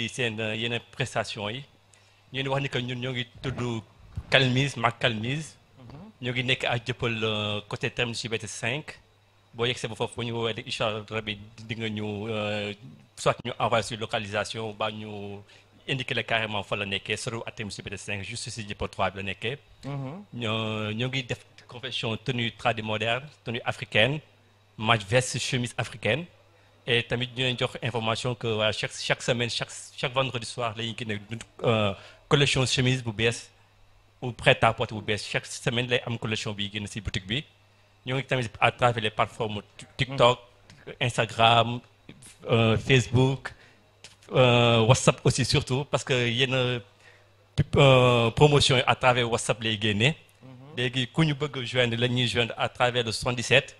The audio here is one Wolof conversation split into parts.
ci seen euh, yenn prestation yi ñu ngi wax ni que ñun ñoo ngi tudd Calmise Mac Calmise mhm. ñoo ngi nekk à jëppal euh, côté terme Liberté cinq boo yegg see ba foofu bu ñu woowee incha allah rabi di nga ñu euh, soit ñu envoyé sur localisation ba ñu indiqué la carrément fa la nekkee soriwul à terme Liberté 5 juste si jëppal 3 bi la nekkee. Mhm. ñoo ñoo ngi def confection tenue tradi moderne tenue africaine match chemise africaine. et tamit ñu leen jox information que voilà chaque chaque semaine chaque chaque vendredi soir la ñuy génne euh, collection chemise bu bees ou prêt à porter bu bees chaque semaine lay am collection bi génn ci boutique bi ñoo ngi tamit à travers les plateformes TikTok Instagram euh, Facebook euh, WhatsApp aussi surtout parce que yenn promotion yi à travers WhatsApp lay génne. Mhm. léegi ku ñu bëgg joindre la ñuy joindre à travers le 77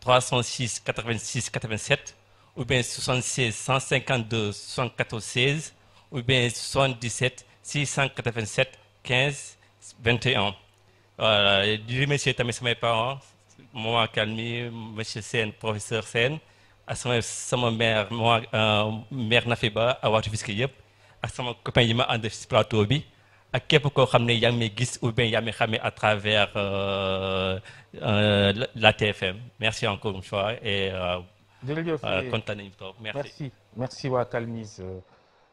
306 86 87. ou bien 76 152 74 16 ou bien 77 687 15 21 voilà di remercier tamit samay parents maman Kalmi monsieur Sène professeur Sène ak sama sama mère maman euh, mère Nafiba ak waa Rufisque yëpp ak sama copain yi ma ànd ci plateau bi ak képp koo xam ne yaa ngi gis ou bien yaa ngi may xamee à travers euh, euh, la TFM merci encore une fois et. jërëjëf kontaan nañu trop merci merci waa Calmise euh,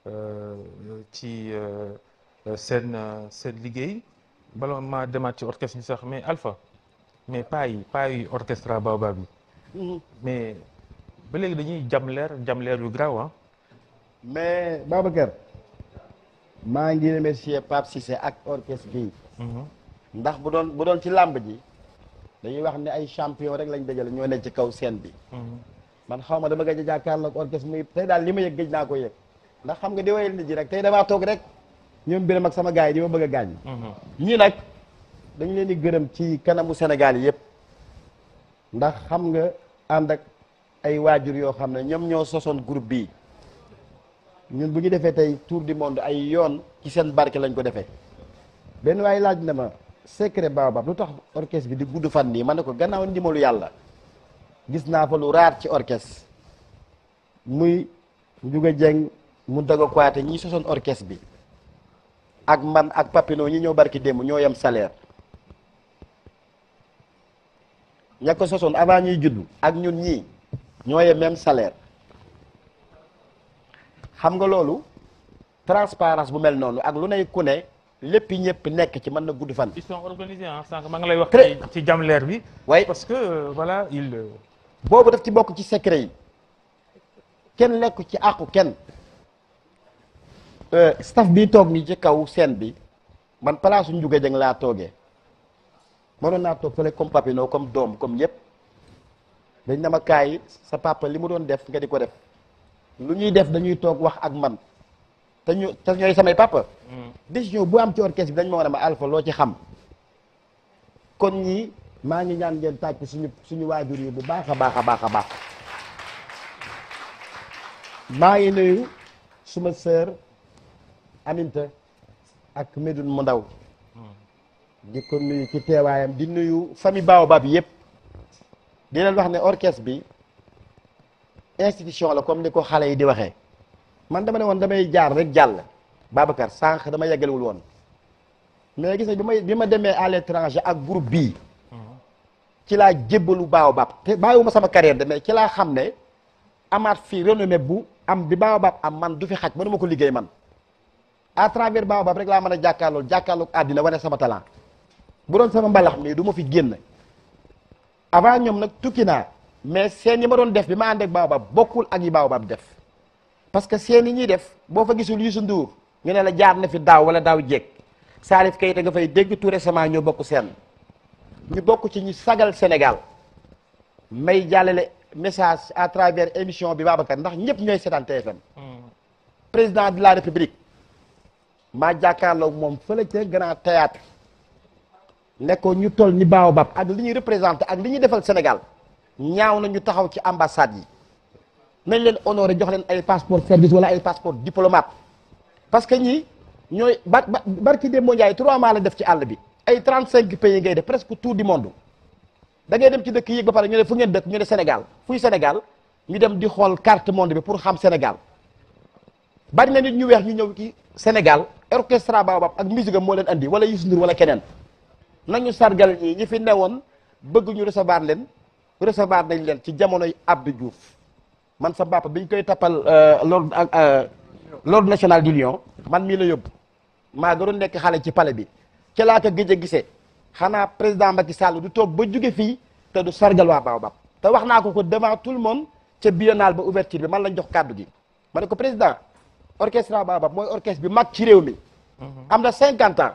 euh, ci euh, seen seen liggéey bala ma demaat ci orchestre bi sax mais Alpha mais pas yi pas yi orchestre Baobab bi mhm. mais ba léegi dañuy jam leer yu graw ah mais Babacar maa ngi remercier Pape Cissé ak orchestre bi mhm. ndax bu doon bu doon ci làmb ji dañuy wax ne ay champion rek lañ dajale ñoo ne ci kaw scène bi mhm. man xaw ma dama gëj a jàkkaarloog orchestre muy tey daal li ma yëg gëj naa ko yëg ndax xam nga di wayal nit ji rek tey damaa toog rek ñoom biram ak sama gaay yi di ma bëgg a gaañ mhm. ñii nag dañ leen di gërëm ci kanamu Sénégal yëpp ndax nga ànd ak ay waajur yoo xam ne ñoom ñoo sosoon groupe bi ñun bu ñu defee tey tour du monde ay yoon ci seen barke lañ ko defee benn waaye laaj na ma secret Baobab lu tax orchestre bi di gudd fan nii ma ne ko gannaaw ndimalu yàlla gis naa fa lu raar ci orchestre muy Ndiouga Dieng mu daga kwaate ñi sosoon orchestre bi ak man ak Papino ñi ñëw barki démb ñoo yem salaire ña ko sosoon avant ñuy juddu ak ñun ñii ñoo yem même salaire xam nga loolu transparence bu mel noonu ak lu nay ku ne lépp ñëpp nekk ci mën na gudd fan. ils sont organisés sànq maa ngi lay wax. ci jam leer bi. waaye parce que euh, voilà il. Euh, boobu def ci bokk ci secret yi kenn lekku ci àqu kenn euh, staff bi toog nii ci kaw seen bi man palaasu Ndiouga Dieng laa toogee mënoon naa toog fële comme papino comme doom comme yëpp dañ na ma sa papa li mu doon def nga di ko def lu ñuy def dañuy toog wax ak man te ñu te ñooy samay papa. Mm. décision bu am ci orchestre bi dañ ma war a ma alpha loo ci xam kon ñii. maa ngi ñaan ngeen tàcc suñu suñu waajur yi bu baax a baax baax a baax maa ngi nuyu suma sœur Aminta ak Medoune mu ndaw di ko nuyu ci teewaayam di nuyu famille Baobab yëpp di leen wax ne orchestre bi institution la comme ni ko xale yi di waxee man dama ne woon damay jaar rek jàll Babacar sànq dama yeggalewul woon mais gis bi ma bi ma demee àll l'étranger ak groupe bii ci laa jébbalu baobab te bàyyiwuma sama carrière de mais ci laa xam ne amaat fii renommée bu am bi baobab am man du fi xaj ma ko liggéey man à travers baobab rek laa mën a jàkkaarlool jàkkaarloog àddina wane sama talent bu doon sama mbalax mii du ma fi génn avant ñoom nag tukki naa mais seen yi ma doon def bi ma ànd ak baobab bokkul ak yi baobab def parce que seen yi ñuy def boo fa gisul Youssou Ndour ñu ne la jaar na fi daaw wala daaw jéeg Salif Keita nga fay dégg tout récemment ñoo bokk seen ñu bokk ci ñu sagal Sénégal may jàllale message à travers émission bi Babacar ndax ñëpp ñooy seetaan TFM hmm. président de la république maa jàkkaarloog moom fële ca grand théâtre ne ko ñu toll ni baaw bab ak li ñuy représenté ak li ñuy defal Sénégal ñaaw na ñu taxaw ci ambassade yi nañ leen honoré jox leen ay passeport service wala ay passeport diplomate parce que ñii ñooy ba barki démb Ndiaye trois mois la def ci àll bi ay 35 pays ngay def presque tout du monde da ngay dem ci dëkk yi ba pare ñu ne fu ngeen dëkk ñu ne Sénégal fuy Sénégal ñu dem di xool carte monde bi pour xam Sénégal bari na nit ñu weex ñu ñëw ci Sénégal orchestre Baobab ak musique am moo leen andi wala Youssou Ndour wala keneen nañu sargal ñi ñu fi newoon bëgg ñu recevoir leen recevoir nañ leen ci jamonoy Abdou juuf man sa papa bi ñu koy tappal euh, l'ordre euh, l'ordre national du man mii la yóbbu maa gënoon nekk xale ci palais bi. ca laa ko gëj a gisee xanaa président Macky Sall du toog ba jóge fii te du sargal waa Baobab te wax naa ko ko devant tout le monde ca biennale ba ouverture bi man lañ jox kàddu gi ma ne ko président orchestre waa Baobab mooy orchestre bi mag ci réew mi. Mhm. am na 50 ans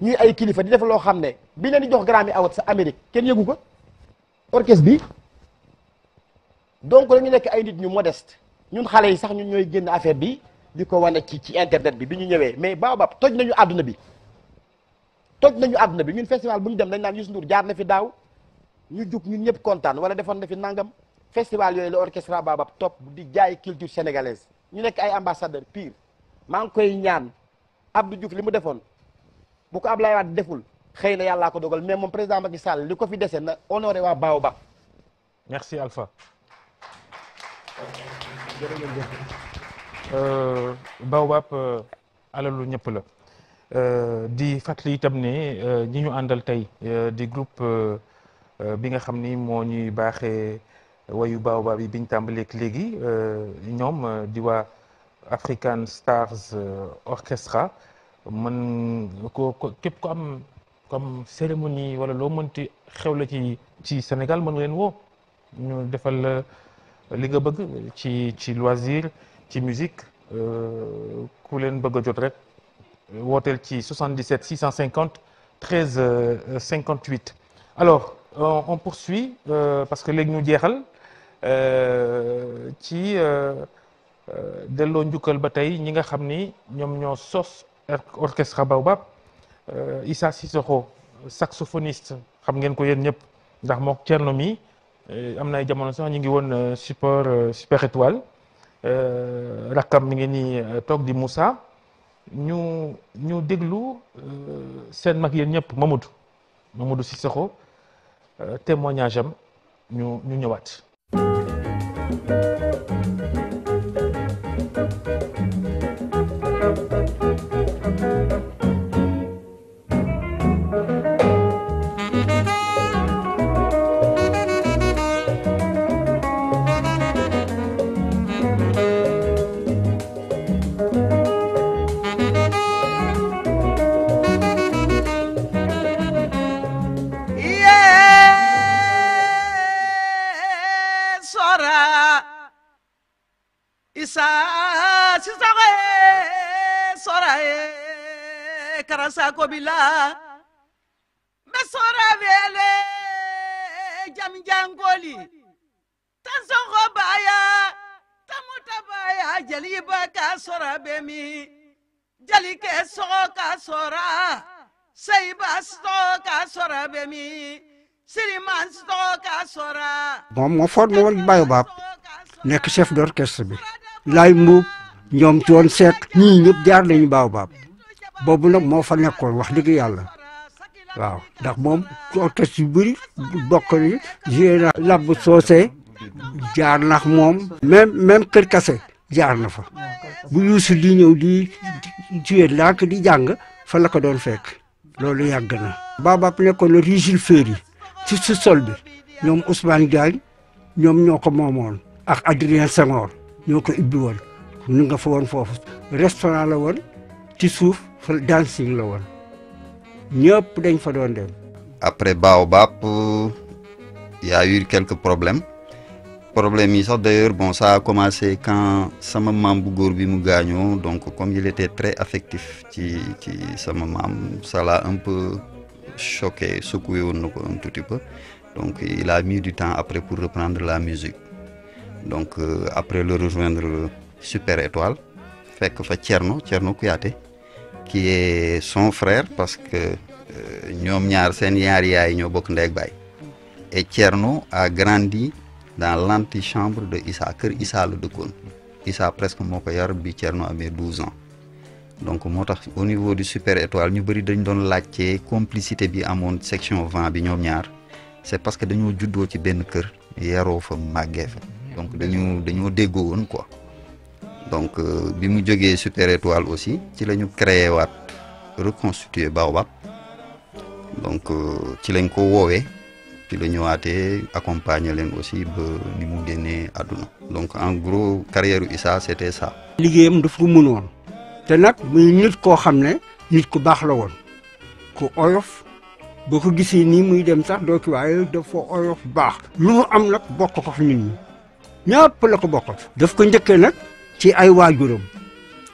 ñuy ay kilifa di def loo xam ne bi leen di jox Grammy Awards sa Amérique kenn yëgu ko orchestre bi donc dañu nekk ay nit ñu modeste ñun xale yi sax ñun ñooy génn affaire bi di ko wane ci ci internet bi bi ñu ñëwee mais Baobab toj nañu àdduna bi. toj nañu àdduna bi ñun festival bu ñu dem dañ naan Youssou Ndour jaar na fi daaw ñu jug ñun ñëpp kontaan wala defoon na fi nangam festival yooyu la orchestre Baobab topp di jaay culture sénégalaise ñu nekk ay ambassadeur pire maa ngi koy ñaan Abdou Diouf li mu defoon bu ko Ablaye Wade deful xëy na yàllaa ko dogal mais moom président Macky Sall li ko fi dese na honoré waa Baobab. merci Alpha. jërëjëf euh, euh, alalu ñëpp la. Euh, di fàttali itam ne euh, ñi ñu àndal tey euh, di groupe bi nga xam ni moo ñuy baaxee wayu baobab yi biñ tàmbaleeg léegi ñoom di waa African Stars Orchestra mën ko képp ko am comme cérémonie wala loo mënti xew la ci ci Sénégal mën leen woo ñu defal li nga bëgg ci ci loisir ci musique ku leen bëgg a jot rek wooteel ci 77 650 13 58 alors on, on poursuit euh, parce que léegi ñu jeexal euh, ci euh, euh, delloo njukkal ba tey ñi nga xam ni ñoom ñoo sos orchestre Baobab Issa Cissokho saxophoniste xam ngeen ko yéen ñëpp ndax mook Thierno mi am na jamono sax ñu ngi woon support super rakkam mi ngi nii toog di Moussa ñu ñu déglu euh, seen mag yéen ñëpp Mamadou Mamadou Cissokho euh, témoignage am ñu ñu ñëwaat. moom moo foot formé woon Baobab nekk chef d'orchestre bi lay mbuub ñoom ci woon ñii ñëpp jaar nañu Baobab boobu nag moo fa nekkoon wax dëgg yàlla waaw ndax moom orchestre yu bëri bokk ni joué na soose jaar nax moom même même kër kase jaar na fa bu yuusu di ñëw di joué làkk di jàng fa la ko doon fekk loolu yàgg na Baobab nekkoon na Rigile Ferry ci sous-sol bi ñoom Ousmane Diagne ñoom ñoo ko moomoon ak Adrien Senghor ñoo ko ibbi woon ñu nga fa foofu restaurant la woon ci suuf fa dancing la woon ñëpp dañ fa doon dem après Baobab y a eu quelques problèmes problèmes yi sax d'ailleurs bon saa a commencé quand sama maam bu góor bi mu gaañoo donc comme il était très affectif ci ci sama maam ça l'a un peu choqué, secoué un tout petit peu. Donc il a mis du temps après pour reprendre la musique. Donc euh, après le rejoindre Super Étoile, fait que fait Tcherno, Tcherno Kouyaté, qui est son frère parce que euh, ñoom ñaar seen ñaar yaay ñoo bokk bok ndek bay. Et Tcherno a grandi dans l'antichambre de Issa, Kër Issa le Dekoun. Issa presque moko yar bi Tcherno avait 12 ans. donc moo tax au niveau du super étoile ñu bëri dañ doon laajte complicité bi amoon section vent bi ñoom ñaar c'est parce que dañoo juddoo ci benn kër yaroo fa màggee fa donc dañu dañoo déggoo woon quoi donc euh, bi mu jógee super étoile aussi ci la ñu créé waat reconstituer Baobab donc euh, ci lañ ko woowee ci la ñëwaatee accompagner leen aussi ba ni mu génnee àdduna donc en gros carrière u Issa c'était sa liggéeyam daf ko te nag muy nit koo xam ne nit ku baax la woon ku oyof boo ko gisee nii muy dem sax doo ki waaye dafa oyof baax lu am nag bokk ko fi nit ñi ñëpp la ko bokkal daf ko njëkkee nag ci ay waajuram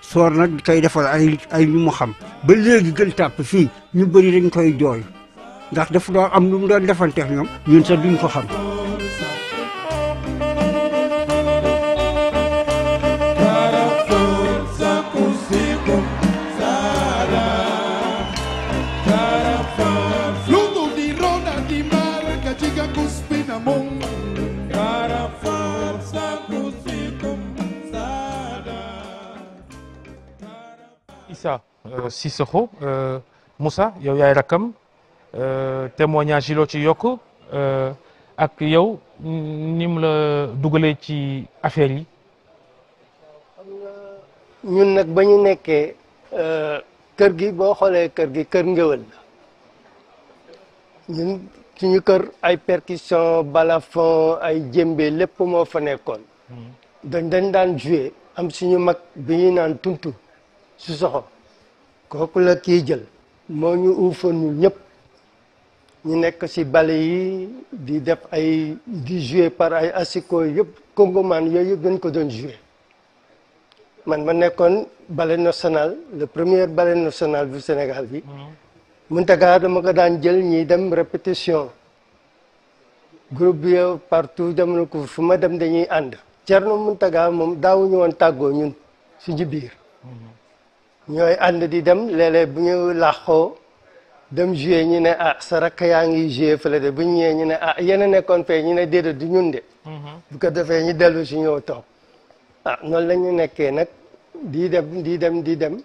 soor nag kay defal ay ay ñu mu xam ba léegi gën tàpp fii ñu bëri dañ koy jooy ndax dafa doon am lu mu doon defanteex ñoom ñun sax duñ ko xam Euh, si Cissokho euh, Moussa yow yaay rakkam euh, témoignage yi loo ci yokk ak yow ni mu la dugalee ci affaire yi. ñun nag ba ñu nekkee kër gi boo xoolee kër gi kër ngéwél la ñun suñu kër ay percussion balafon ay jëmbe lépp moo fa nekkoon. Hmm. dañ jouer am suñu mag bi ñuy naan tuntu. su kooku la kii jël moo ñu uufanul ñëpp ñu nekk si bale yi di def ay di jouer par ay asiko yëpp congoman yooyu yëpp dañ ko doon jouer man ma nekkoon bale national le premier ballet national du Sénégal bi Mountaga mm-hmm. dama ko daan jël ñi dem répétition groupe bi partout dem na ko fu ma dem dañuy ànd Thierno Mountaga moom daawuñu woon tàggoo ñun suñu biir mm-hmm. ñooy ànd di dem léeg bu ñu làqoo dem joué ñu ne a ah, sa rakk yaa ngi joué fële de bu ñu ñëwee ñu ne ah yéen nekkoon fee ñu ne déedéet du ñun de. Mm-hmm. bu ko defee ñu dellu si ñëw toog a ah, noonu la ñu nekkee nag di dem di dem di dem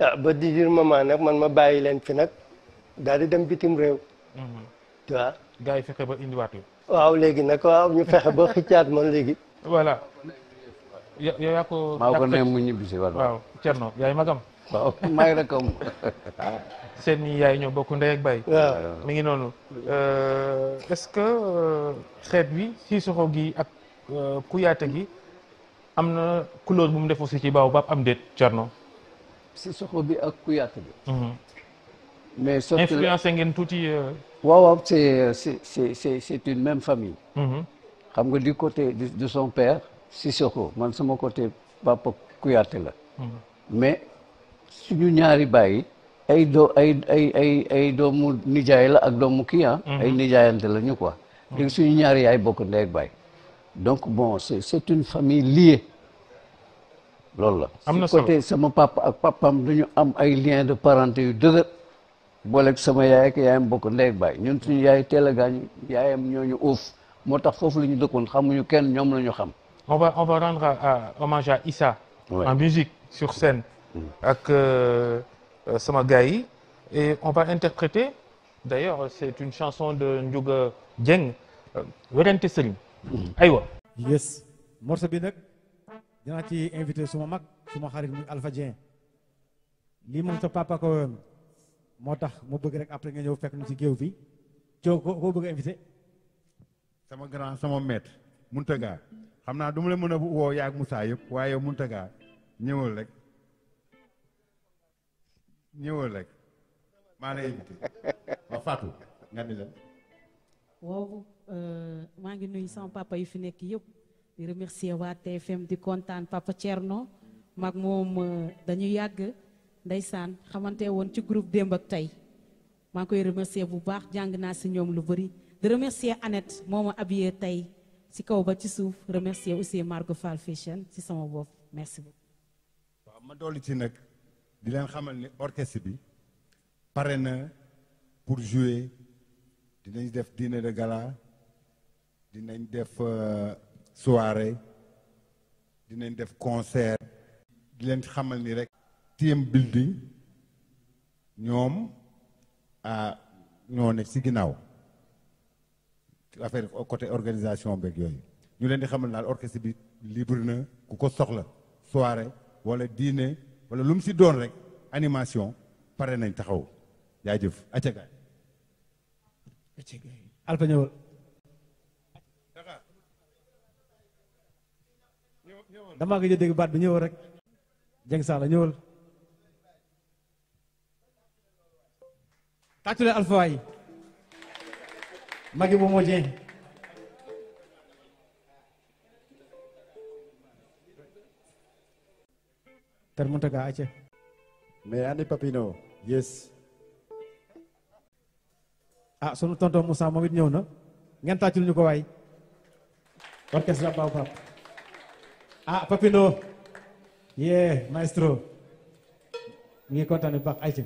ah ba di jur moment nag man ma bàyyi leen fi nag daal di dem bitim réew. Mm-hmm. tu vois. gars yi nag waaw ñu fexe ba xëccaat man léegi. yow yaa ko. maa ko ne mu ñibbisi yaay magam. waaw maa seen yaay ñoo bokk ndey ak baay. waaw mi ngi noonu. Euh, est-ce que euh, xeet wi Sissoko gi ak euh, kuyaata gi am na couleur bu mu def si ci baobab am déet Thierno. Sissoko bi ak Kouyaté bi. Mhm. mais sauf que ngeen tuuti. waaw waaw c'est une même famille. Mhm. xam nga du côté de son père. Sissoko man sama côté Papa Kouyaté la. mais suñu ñaari bàyyi ay doo ay ay ay ay doomu nijaay la ak doomu kii ah. Mhm. ay nijaayante la ñu quoi. Mhm. léegi suñu ñaari yaay bokk ndey ak bàyyi. donc bon c' une famille liée. loolu la am na côté sama papa ak papam dañu am ay lien de parenté yu dëgër. booleeg sama yaay ak yaayam bokk ndey ak baay ñun suñu yaay teel a gaañu yaayam uuf moo tax foofu la ñu dëkkoon xamuñu kenn ñoom la xam. on va rendre à, hommage à Issa. Ouais. en musique sur scène. Mm. ak euh, euh, sama gars yi. et on va interpréter d'ailleurs c'est une chanson de Ndiouga Dieng euh, werante sëriñ. Mm. aywa. yes morceau bi nag dinaa ci invité suma mag suma xarit muy Alpha Dieng lii moom sa papa moo tax mu bëgg rek après nga ñëw fekk ñu ci géew bi coo ko koo bëgg a invité. sama grand sama maître xam naa du ma la mën a woo yaa ak Moussa yëpp waaye yow Mountaga ñëwal rek maa la euh, maa ngi nuyu sama papa yu fi nekk yëpp di remercier waa TFM di kontaan papa Thierno mag moom euh, dañu yàgg saan xamante woon ci groupe démb tey maa ngi koy remercier bu baax jàng naa si ñoom lu bëri di remercier Annette moo ma habillé tey ci kaw ba ci suuf remercier aussi Margo Fall Fashion si sama bopp merci beaucoup. waaw ma dolli ci nag di leen xamal ni orchestre bi pare na pour jouer dinañ def dîner de gala dinañ def euh, soirée dinañ def concert. di leen xamal ni rek. team building ñoom ah, ñoo nekk ci ginnaaw. affaire côté organisation beg yooyu ñu leen di xamal daal orchestre bi libre na ku ko soxla soirée wala dîner wala lu si doon rek animation pare nañ taxaw yaa jëf acagaay alpa ñëwal damaa gëj a dégg baat bi ñëwal rek jeng saala ñëwal tàccu leen alpha Magi Momo Dieng Ter Mountaga aca mais ani Papino yes ah sunu tonto mu moom it ñëw na ngeen tàccul ko waay orchestre Baw Pap ah Papino yee maestro ngi kontaan bu baax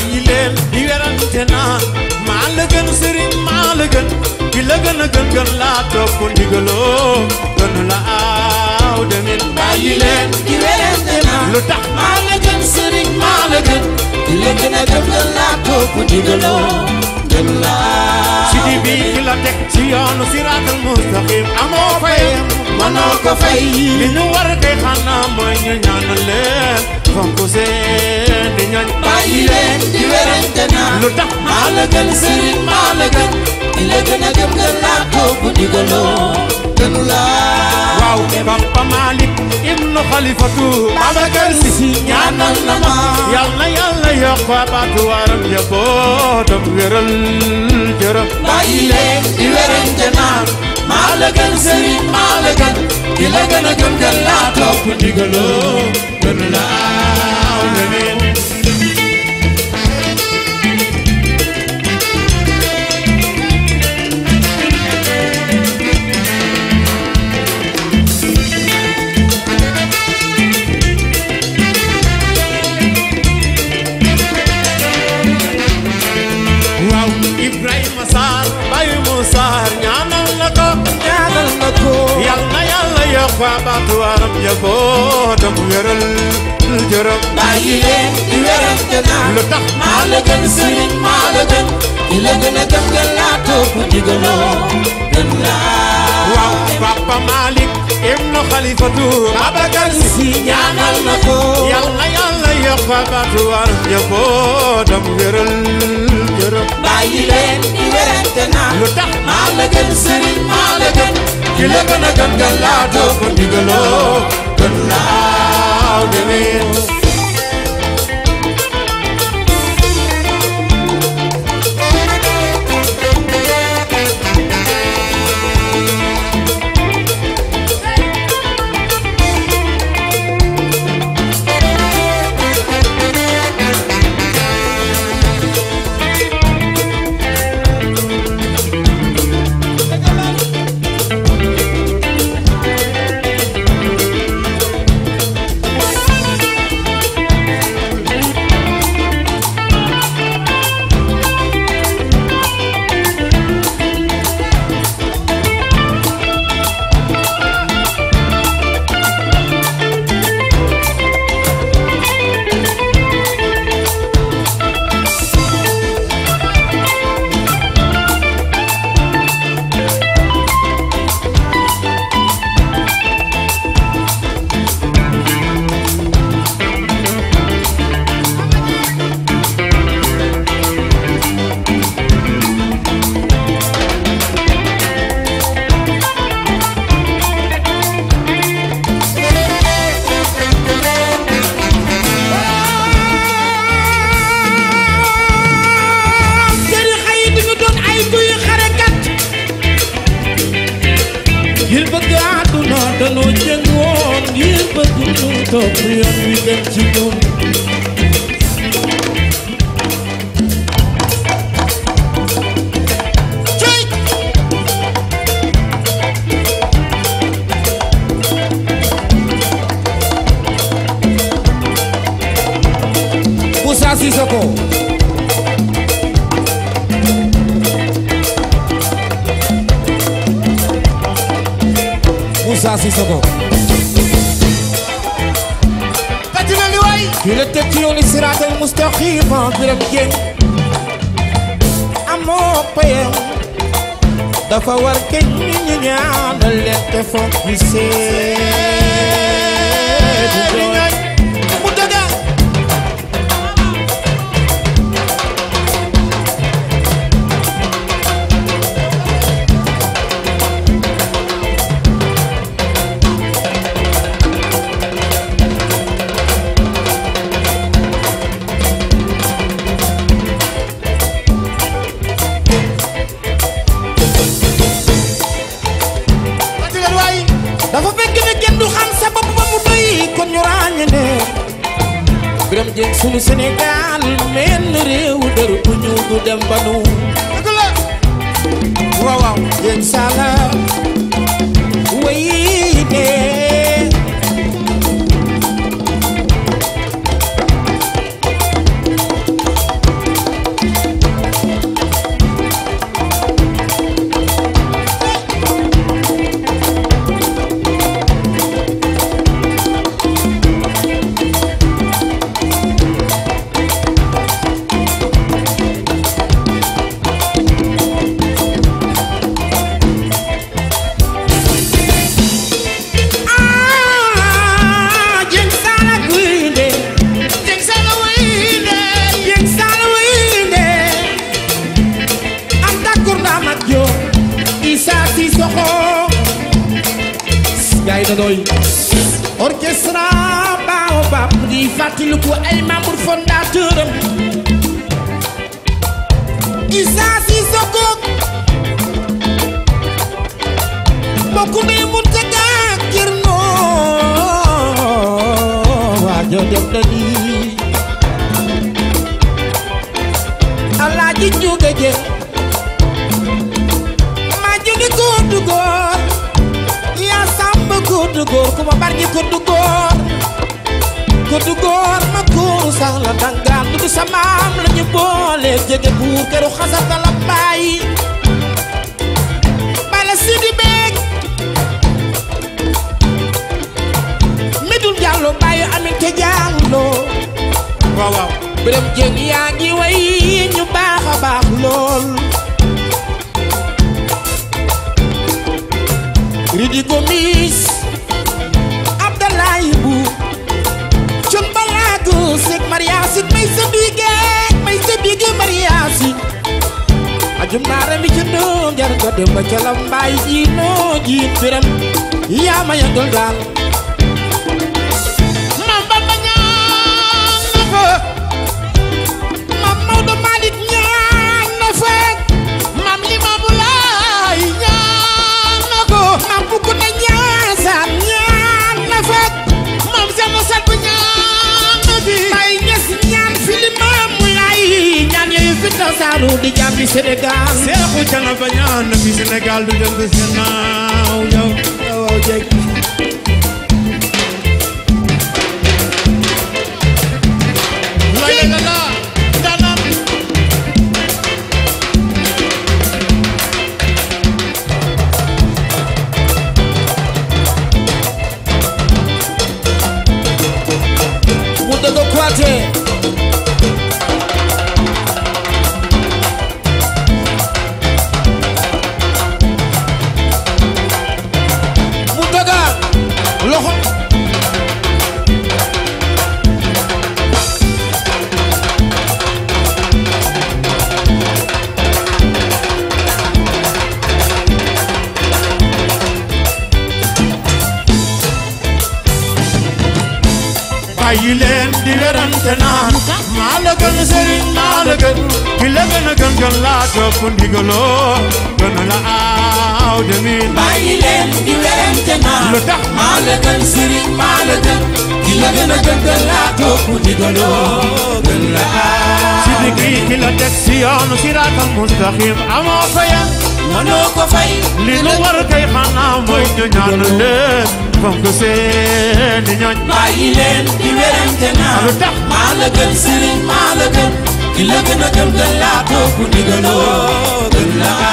bàyyi leen di werante naa maa la gën sëriñ maa la gën ki la gën a gën gën laa topp ndigaloo gënu la aaw demin bàyyi di werante naa lu tax maa la gën sëriñ maa la gën ki la gën a gën sidi bi fi la teg ci yoonu siraatal mustaqim amoo fayam mënoo ko fay li ñu war kay xanaa mooy ñu ñaanal leen fonk seen di ñooñ leen di werante lu tax maa la gën sëriñ maa la gën di la laa ko bu digaloo kàttanu laa. waaw Papa Malick ibnu xalifatu Babacar Si ñaanal na ma. yal na yàlla yokk baatu waaram njabootam wéral jërëm. bàyyi leen di wérante naan maa la gën sëriñ maa la gën ki la gën a gëm gën laa topp ndigaloo gën faamaatu aram njabootam wéral jërëm bàyyi leen di wérante naan lu tax maa la gën sëriñ maa la gën ki la gën a gëm gën laa topp digaloo gën laa waaw Papa Malick ibnu xalifatu Abacar Si ñaanal na ko yàlla yàlla yokk faamaatu aram njabootam wéral yërëm bàyyi leen di werante naa lu tax maa gën sëriñ maa gën ki la gën a gën nga laa doo ko digaloo gën laaw demee suñu Sénégal mel ni réewu dër bu ñu dem ba nu waaw waaw yéen sala melody Alaaji Njuuga Jëng maa jëli góor góor yaa sàmb góor góor ku ma bar ñi góor góor góor góor ma góor sax la dangaan du sa maam la ñu boole jege buur këru xasata la bàyyi bala si di bee Diallo bàyyi Aminata Diallo waaw waaw Birame Dieng yaa ngi way ñu baax baax lool Ridi Gomis Abdoulaye bu Cun Balago Seeg Mariasi may sa may sa bige ajum naara mi ca ndoo njar ga dem ba ca la mbaay ji noo jiit Birame yaa ma yëngal daal ndakaaru di jàmmi Sénégal seexu cana bañaan na fi Sénégal du dem ba seen naaw yow yow du seen di ñooñ bàyyi leen di werante naa lu tax maa la gën sëriñ maa la gën ki la gën a gëm gën laa topp ndigaloo gën laa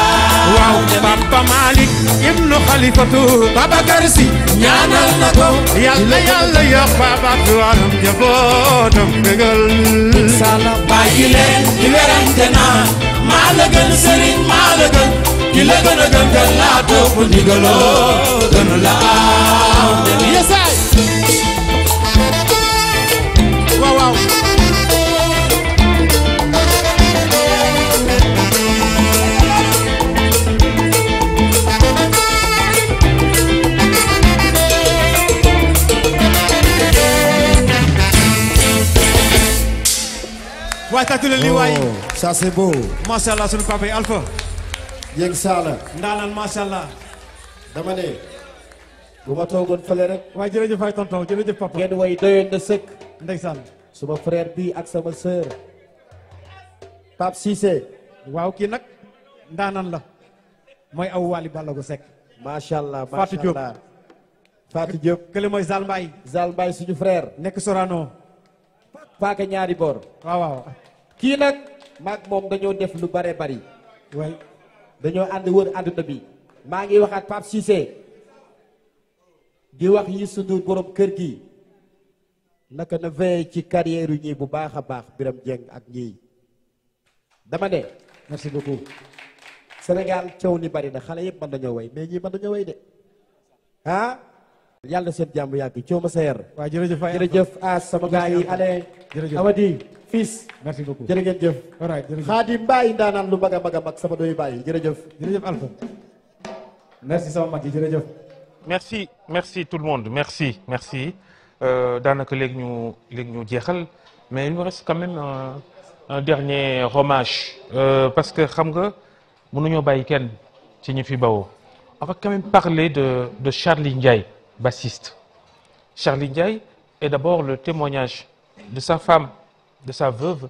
waaw Papa Malick ibnu Xalifatu Babacar Si ñaanal na ko yàlla yàlla yokk babaat waram jabootam bégal sala bàyyi leen di werante naa maa la gën sëriñ maa la gën ki la gën a gëm gën laa topp ndigaloo gënu la am yesaay waaw waaw waay tàttali li waay oh, ça c'est beau macha allah sunu papa yi Alpha yéeg saala ndaanaan macha allah. dama ne. bu ma toogoon fële rek. waaye jërëjëf ay tonton jërëjëf papa. ngeen way doyoon na sëkk. ndeysaan. suma frère bi ak sama sœur. Pape Cissé. waaw kii nag. ndaanaan la. mooy aw Waly Ballago Seck. macha allah macha allah Fatou Diop. Fatou Diop kële mooy Zal Mbaye. Zal Mbaye suñu frère. nekk paaka ñaari boor. waaw waaw. kii nag. maag moom dañoo def lu bare bari. waay. dañoo ànd wër àdduna bi maa ngi waxaat Pape Cissé di wax yi Ndour borom kër gi naka na veillé ci carrière ñi bu baax a baax Biram Dieng ak ñii dama ne merci beaucoup Sénégal coow li bari na xale yëpp mën nañoo way mais ñii mën nañoo way de ah yàlla seen jàmm yàgg coow ma sa waa jërëjëf jërëjëf sama gaa yi ale amadi Fils. merci beaucoup jërë ngeen jëf. voilà jërëjëf Xaadim Mbaye ndaanaan lu mag a mag a mag sama doy bàyyi jërëjëf. jërëjëf Alpha. merci sama mag yi jërëjëf. merci merci tout le monde merci merci euh, daanaka léegi ñu léegi ñu jeexal mais il nous reste quand même un, dernier hommage. Euh, parce que xam nga mënuñoo bay kenn ci ñu fi bawoo. on va quand même parler de de Charly Ndiaye bassiste Charly Ndiaye est d'abord le témoignage de sa femme. de sa veuve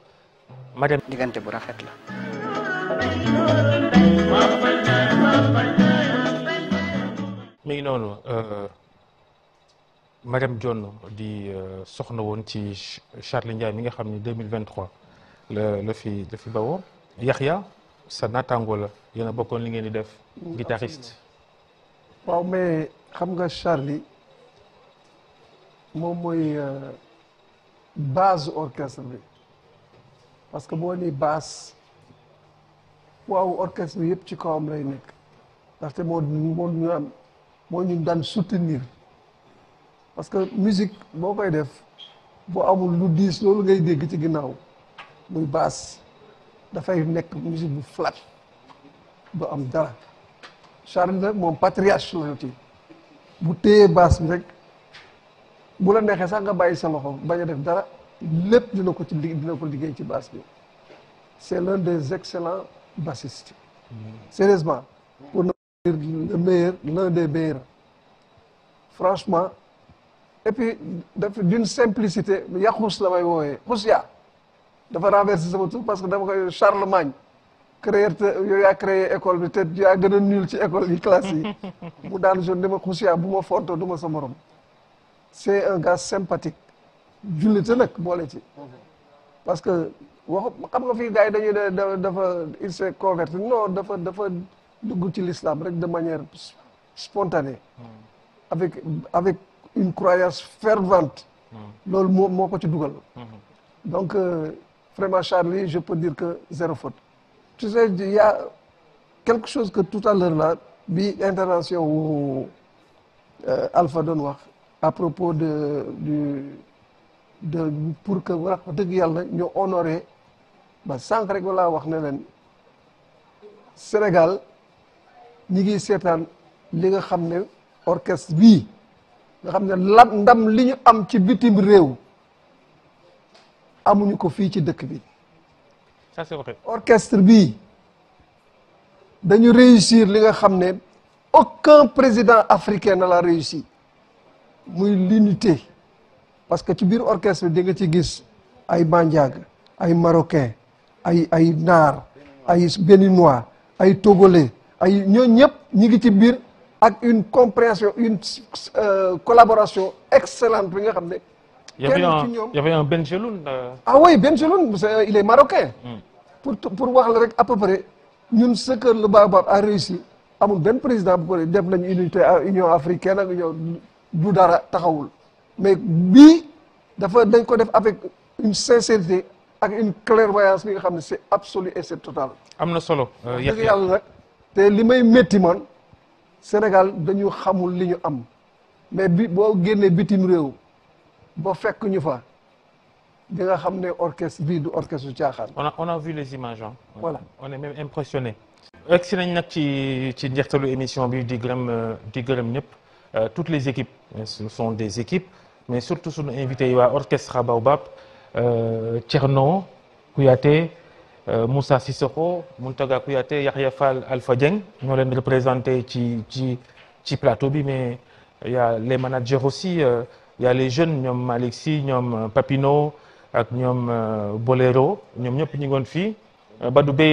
madame diggante bu rafet la mi ngi noonu euh, madame Dione di euh, soxna woon ci Charles mi nga xam ni 2023 la la fi la fi bawoo Yaxya sa naataango la yéen a bokkoon li ngeen di def guitariste waaw mais xam nga Charlie moom mooy euh, base orchestre bi parce que boo ni basse waaw orchestre bi yëpp ci kawam lay nekk ndaxte moo moo ñu am moo ñu daan soutenir parce que musique boo koy def boo amul lu diis loolu ngay dégg ci ginnaaw muy basse dafay nekk musique bu flat du am dara Charles nag moom patriarche la ci bu téye basse bi rek bu la neexee sax nga bàyyi sa loxo bañ def dara lépp dina ko ci dina ko liggéey ci basse bi c'est l'un des excellents bassistes sérieusement pour ne pas dire le des meilleurs franchement et puis dafa d'une simplicité ya xus la may wooye xus yaa dafa renversé sama tur parce que dama koy Charlemagne créateur yow yaa créé école bi te yaa gën a nul ci école yi classe yi mu daan jour ni ma xus bu ma fontoo du ma sa moroom c'est un gars sympathique jullite nag boole ci parce que waxu xam nga fii gars yi dañuy ne dafa il s'est converti non dafa dafa dugg ci l'islam rek de manière spontanée hmm. avec avec une croyance fervente hmm. loolu moo moo ko ci dugal hmm. donc euh, vraiment Charlie je peux dire que zéro faute tu sais il y quelque chose que tout à l'heure là bi intervention wu euh, Alpha doon wax à propos de du de pour que wax dëgg yàlla ñu honoré ba sànq rek wax na leen Sénégal ñi ngi seetaan li nga xam ne orchestre bii nga xam ne lan ndam li ñu am ci bitim réew amuñu ko fii ci dëkk bi. ça bi vrai orchestre dañu réussir li nga xam ne aucun président africain ne l'a réussi. muy l'unité parce que ci biir orchestre denga ci gis ay banjaag ay marocain ay ay naar ay béninois ay togolais ay ñooñu ñëpp ñi ngi ci biir ak une compréhension une euh, collaboration excellente bi nga xam ne. kenn ci ñoom y avait un Benjeloun. Euh. ah oui Benjeloun euh, il est marocain. Hmm. pour pour wax la rek à peu près ñun ce que le Baobab a réussi amul benn président bu ko def nañu unité union africaine ak union. du dara taxawul mais bii dafa dañ ko def avec une sincérité ak une clairvoyance bi nga xam ne c'est absolu et c'est total. am na solo. Euh, yàq yàlla te li may métti man Sénégal dañu xamul li ñu am mais bi boo génnee bitim réew boo fekk ñu fa di xam ne orchestre bii du orchestre caaxaan. on a on a vu les images hein? voilà on est même impressionné. egsi nañ nag ci ci njeextalu émission bi di gërëm euh, di gërëm ñëpp. Euh, toutes les équipes ce sont des équipes mais surtout suñu invité yi waa orchestre Baobab euh, Thierno Kouyaté euh, Moussa Sissoko Mountaga Kouyaté Yahya Fall Alpha Dieng ñoo leen représenté ci ci ci plateau bi mais il y a les managers aussi il les jeunes ñoom Alexis ñoom Papino ak ñoom Bolero ñoom ñëpp ñu ngoon fii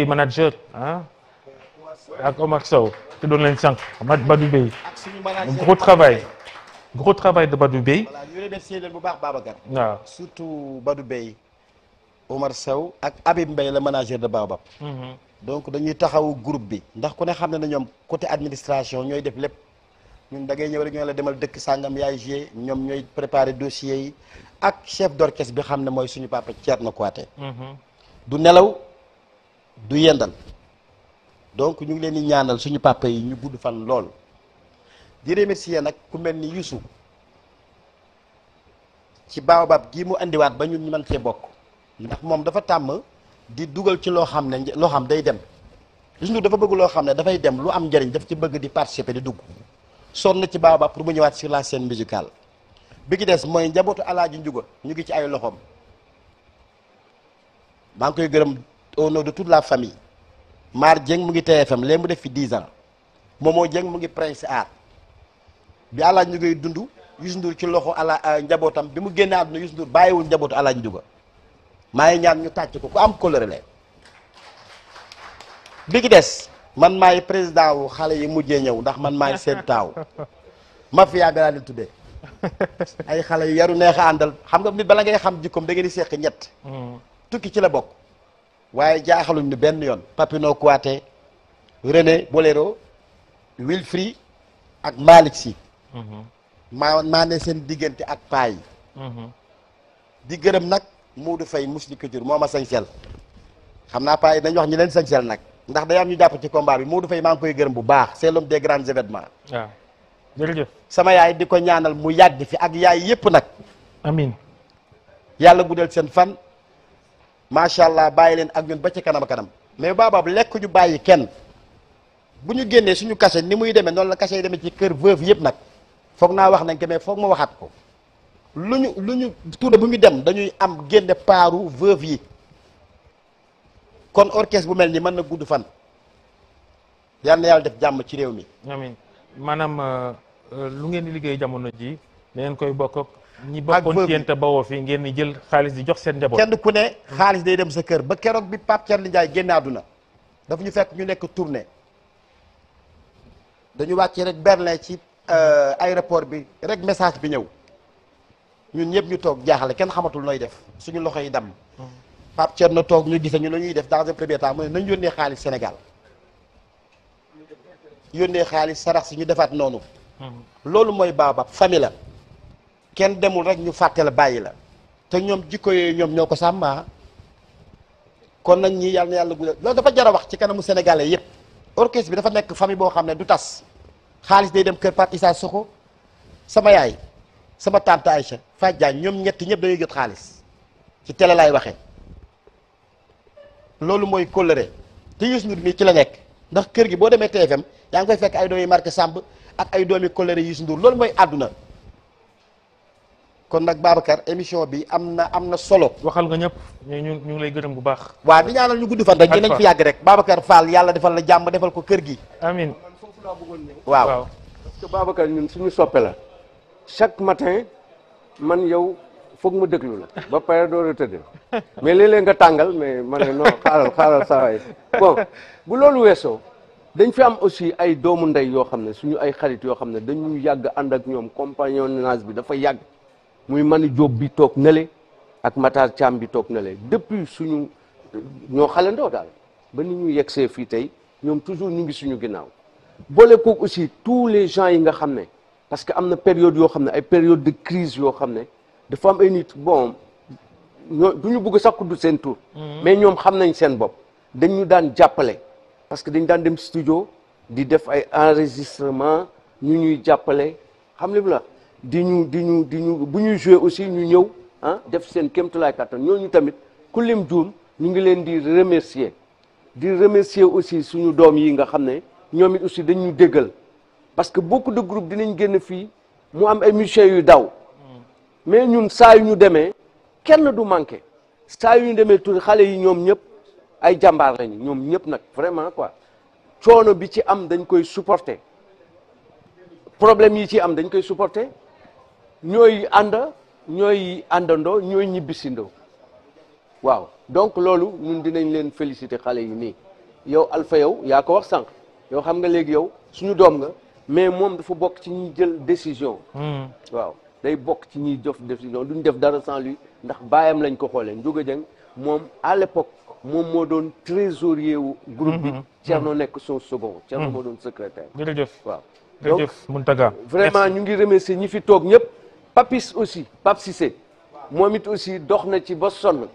manager ak Omar Sow te doon leen sànq Badou Bey gros travail gros travail ba Badou Bey. voilà ñu ngi remercier leen bu baax Babacar. waaw surtout Badou Bey Omar sew ak Habib Mbaye le manager de Baobab. Mhm. donc dañuy taxawu groupe bi. ndax ku ne xam na ne ñoom côté administration ñooy def lépp ñun da ngay ñëw rek ñoo la demal dëkk sàngam yaay gée ñoom ñooy préparer dossiers yi ak chef d'orchestre bi xam ne mooy suñu papa Thierno Kouaté. Mhm. du nelaw du yendal. donc ñu ngi leen di ñaanal suñu papa yi ñu gudd fan lool di remercier nag ku mel ni Youssou ci baobab gii mu indiwaat ba ñu mën cee bokk ndax moom dafa tàmm di dugal ci loo xam ne loo xam day dem Youssou dafa bëgg loo xam ne dafay dem lu am njëriñ daf ci bëgg di participer di dugg na ci baobab pour mu ñëwaat sur la scène musicale bi ki des mooy njabootu alaaji njuga ñu ngi ci ay loxoom maa ngi koy gërëm au nom de toute la famille maar Dieng mu ngi TFM lee mu def fi 10 moom moo Dieng mu ngi Prince Art bi Alaaji Ndiouga yi dund Youssou Ndour ci loxo ala euh, njabootam bi mu génne àdduna Youssou Ndour bàyyiwul njabootu Alaaji Ndiouga maa ngi ñaan ñu tàcc ko ku am colère bi ki des man maay président wu xale yi mujjee ñëw ndax man maay seen taaw mafia bi laa leen tuddee ay xale yu yaru neex àndal xam nga nit bala ngay xam jikkoom da ngeen di seq ñett mm. tukki ci la bokk waaye jaaxaluñ ni benn yoon Papino Kouyaté René Bolero Wilfried ak Malick Sy mhm. maa maa ne seen diggante ak paa yi mhm. di gërëm nag Modou Faye Mousli Couture moo ma sañsel xam naa paay yi dañ wax ñi leen sañsel nag ndax day am ñu jàpp ci combat bi Modou Faye maa ngi koy gërëm bu baax c'est l'homme des grands événements waaw jërëjëf sama yaay di ko ñaanal mu yàgg fi ak yaay yëpp nag amin yàlla guddal seen fan macha allah bàyyi leen ak ñun ba ci kanam kanam mais baabaab lekk ñu bàyyi kenn bu ñu génnee suñu kase ni muy demee noonu la kase yi ci kër veuve yëpp nag foog naa wax nañ ko mais foog ma waxaat ko lu ñu lu ñu tournée bu ñu dem dañuy am génne paaru veuve yi kon orchestre bu mel ni mën na gudd fan yal na yàlla def jàmm ci réew mi. amiin maanaam euh, euh, lu ngeen di liggéey jamono ji da koy bokk. ñi bokkoon ci yéen te bawoo fi ngeen ni jël xaalis di jox seen njaboot kenn ku ne xaalis day dem sa kër ba keroog bi Pape Thierno Ndiaye génn àdduna dafa ñu fekk ñu nekk tournée dañu wàccee rek Berlin ci euh, aéroport bi rek message bi ñëw ñun ñëpp ñu toog jaaxle kenn xamatul nooy def suñu loxo yi damm Pape Thierno toog ñu gise ñu la ñuy def dans un premier temps mu ne nañ yónnee xaalis Sénégal yónnee xaalis sarax si ñu defaat noonu hmm. loolu mooy baobab famille kenn demul rek ñu fàtte la bàyyi la te ñoom jikko yooyu ñoom ñoo ko sàmmaa ah. kon nañ ñii yàlla yàlla guddal loolu dafa jar a wax ci kanamu sénégalais yépp orchestre bi dafa nekk famille boo xam ne du tas xaalis day dem kër Pape Issa Sokho sama yaay sama tante Aïcha Fatou Diagne ñoom ñetti ñëpp dañuy jot xaalis ci télé laay waxee loolu mooy kóllëre te Youssou Ndour mii ci la nekk ndax kër gi boo demee TFM yaa ngi koy fekk ay doom yi marqué Samb ak ay doomi kóllëre Youssou Ndour loolu mooy àdduna kon nag Babacar émission bi am na am na solo. waxal nga ñëpp ñu ñu ngi lay gërëm bu baax. waa di ñaanal ñu gudd fan rek dinañ fi yàgg rek. Babacar faal yàlla defal la jàmb defal ko kër gi. amiin waaw. waaw parce que Babacar ñun suñu soppee la. chaque matin man yow foog ma déglu la. ba pare doo tëdd mais léeg-léeg nga tàngal mais ma ne non xaaral xaaral saa bon bu loolu weesoo. dañ fi am aussi ay doomu ndey yoo xam ne suñu ay xarit yoo xam ne dañu yàgg ànd ak ñoom compagnonnage bi dafa yàgg. muy man Jóob bi toog nale ak Matar Thiam bi toog nale depuis suñu ñoo xalandoo daal ba ni ñu yegg see fii tey ñoom toujours ñu ngi suñu ginnaaw boole kook aussi tous les gens yi nga xam ne parce que am na période yoo xam ne ay période de crise yoo xam ne dafa am ay nit bon ñoo du ñu bëgg sax tudd mhm. mais ñoom xam nañ seen bopp dañ ñu daan jàppale parce que dañ daan dem studio di def ay enregistrement ñu ñuy jàppale xam li la di ñu di ñu di ñu bu ñu jouer aussi ñu ñëw ah def seen kéemtulaay kattan ñooñu tamit ku lim juum ñu ngi leen di remercier di remercier aussi suñu doom yi nga xam ne ñoom it aussi dañu déggal parce que beaucoup de groupes dinañ génn fii mu am ay yu daw mais ñun saa yu ñu demee kenn du manqué saa yu ñu demee tuuti xale yi ñoom ñëpp ay jàmbaar lañu ñoom ñëpp nag vraiment quoi coono bi ci am dañ koy supporter problème yi ci am dañ koy supporter ñooy ànd ñooy àndandoo ñooy ñibbisindoo waaw donc loolu ñun dinañ leen félicité xale yi nii yow alfa yow yaa ko wax sànq yow xam nga léegi yow suñu doom nga mais moom dafa bokk ci ñuy jël décision. Hmm. waaw day bokk ci ñuy jëf décision duñ def dara sans ndax baayam lañ ko xoolee Ndiouga Dieng moom à l'époque moom moo doon trésorier wu. groupe bi hmm, hmm, Thierno nekk son second. Thierno moo doon secrétaire. jërëjëf waaw jërëjëf Mountaga. vraiment ñu ngi remercier ñi fi toog ñëpp. papis aussi Pape Cissé moom it aussi dox na ci ba sonn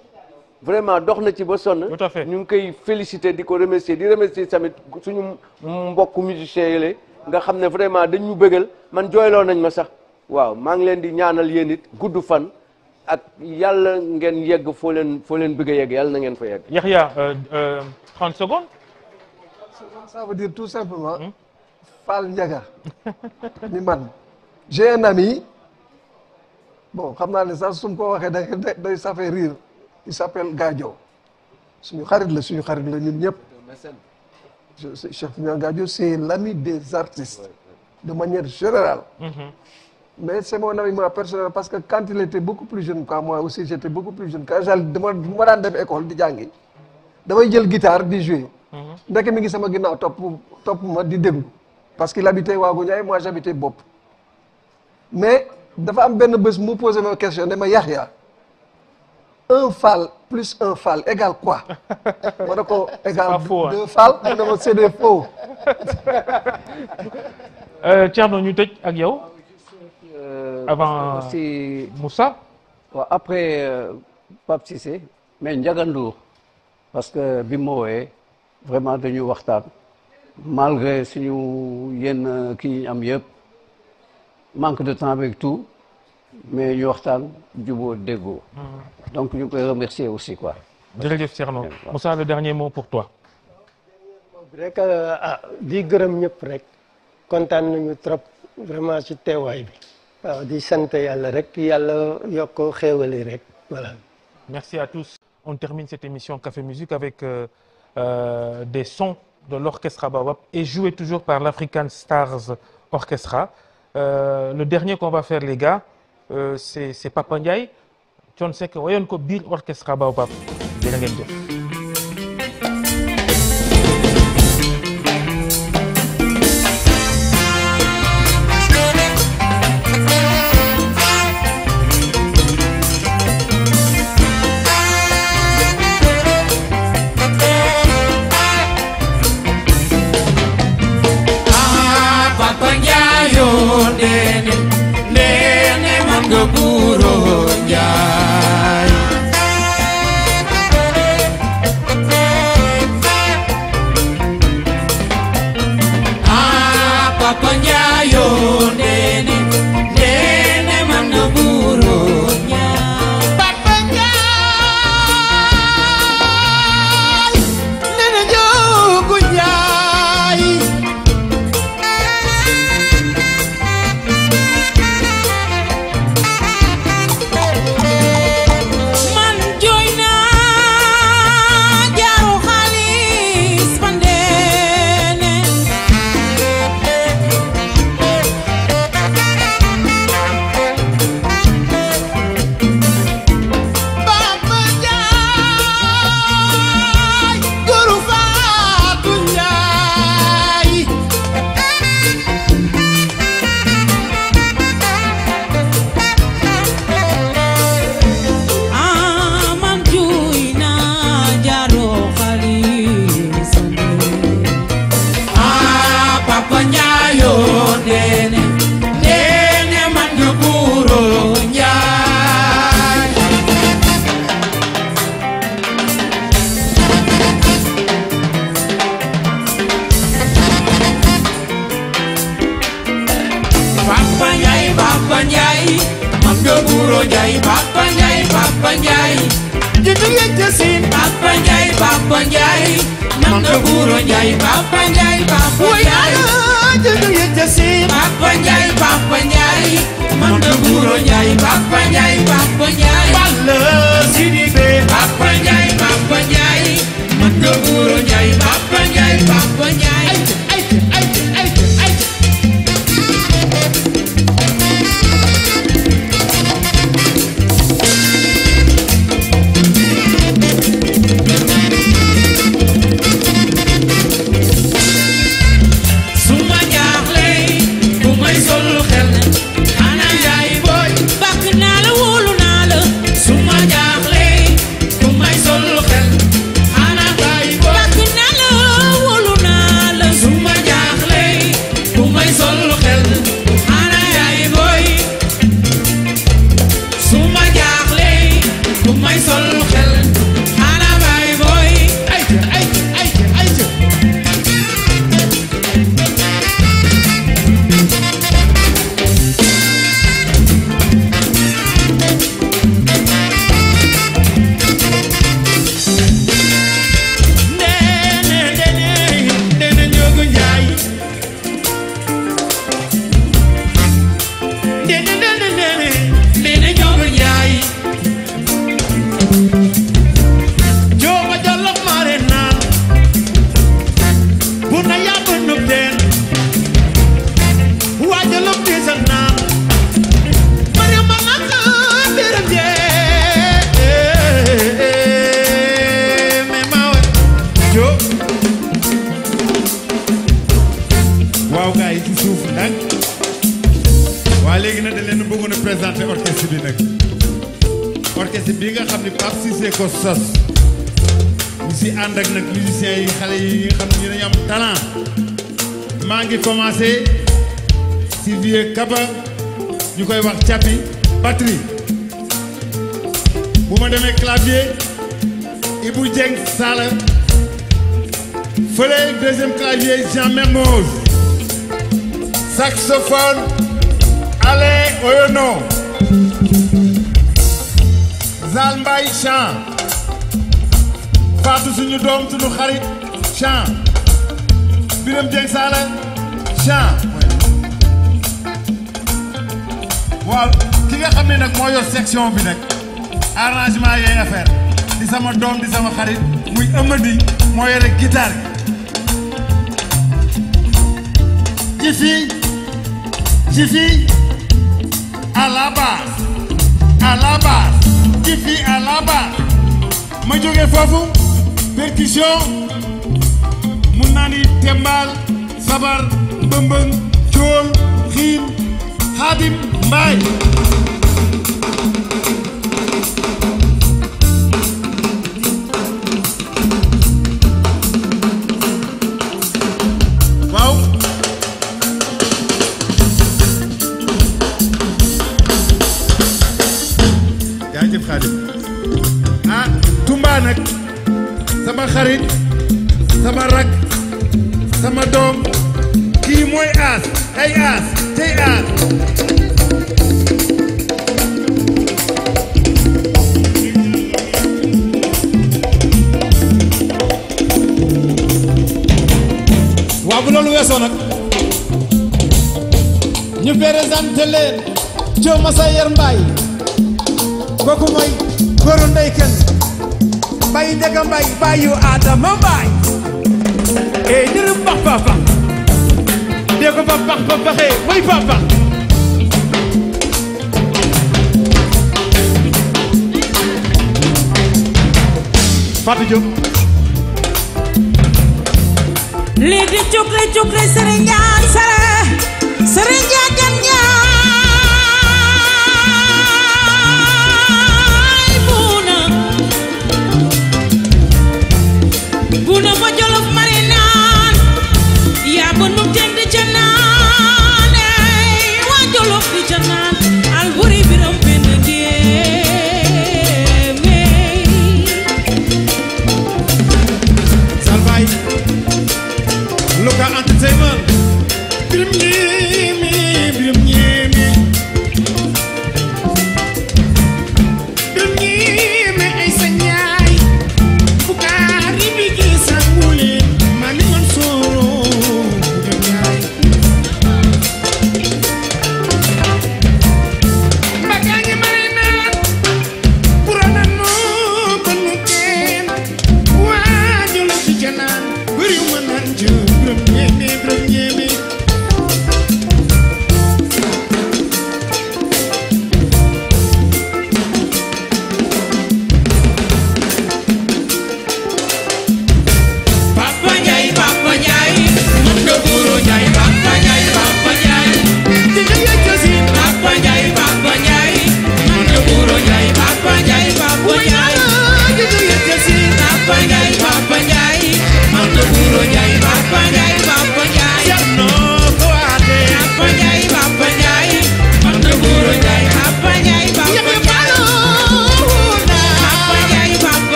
vraiment dox na ci ba sonn ñu ngi koy féliciter di ko remercier di remercier tamit suñu mbokk musiciens yi nga xam ne vraiment dañu ñu bëggal man jooyloo nañ ma sax waaw maa ngi leen di ñaanal yéen it gudd fan ak yàlla ngeen yegg foo leen foo leen bëgg yegg yàlla na ngeen fa yegg Yaxya 30 euh, euh, secondes ça veut dire tout simplement hmm? Fall Ndiaga ni man j'ai un ami bon xam naa ne sa su koo waxee da day safee riir il s'appelle Gadio suñu xarit la suñu xarit la ñun ñëpp Cheikh Tidiane Gadio c'est l'ami des artistes de manière générale mm-hmm. mais c'est mon ami moi personnel parce que quand il beaucoup plus jeune que moi aussi j'étais beaucoup plus jeune quand j'allais dama ma daan def école di jàngi damay jël guitare di jouer mm-hmm. ndeke mi ngi sama gi topp topp ma di déglu parce qu'il habitait Waagu Ñaay moi j'habitais Bopp dafa am benn bés mu posé ma question ne ma Yaxya un Fall plus un Fall égale quoi ma ne ko égale deux Fall mu ne ma c'est des faux euh, Thierno ñu tëj ak yow euh, avant si Moussa waaw après euh, Pape Cissé mais Ndiaga Ndour parce que bi ma wooyee vraiment dañuy waxtaan malgré suñu yenn kii ñu am yëpp manque de temps avec tout mais ñu waxtaan juboo déggoo. Hmm. donc ñu koy remercier aussi quoi. jërëjëf Thierno Moussa le dernier mot pour toi. Euh, ah, di gërëm ñëpp rek kontaan nañu trop vraiment ci teewaay bi. di sant yàlla rek yàlla yokk xéewali rek voilà. merci à tous. on termine cette émission Café Musique avec euh, euh, des sons de l'orchestre Baobab et joué toujours par l'African Stars Orchestra. Euh, le dernier qu'on va faire les gars euh, c'est c'est Papa Ndiaye Thione Seck wayoon ko biir orchestre Baobab jërë ngeen jëf koy wax capi batterie bu ma demee clavier Ibou Dieng Sala fële deuxième clavier Jean Mermoz saxophone Alain Oyono Zal Mbaye chant Fatou suñu doom suñu xarit chant Birame Dieng Sala chant waaw ki nga xam ne nag moo yor section bi nag arrangement yooyu affaire di sama doom di sama xarit muy Amady moo yore guitare gi. ci fii ma jógee foofu percussion mu naan it sabar mbëmbëng cool xiin. Khadim Mbaye waaw jaajëf Khadim ah Touba nag xarit jiite leen Jow Masayer Mbaye kooku mooy góoru ndey kenn Mbaye Ndiaga Mbaye baayu Adama Mbaye ee jërë bax bax bax dee ko bax bax bax baxee mooy bax bax Fatou Diop lii di cukri cukri sëriñ Ndiaye sëriñ Ndiaye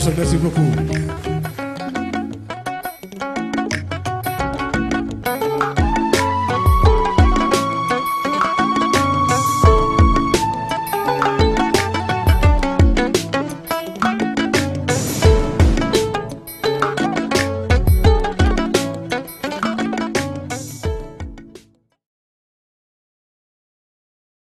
morceau merci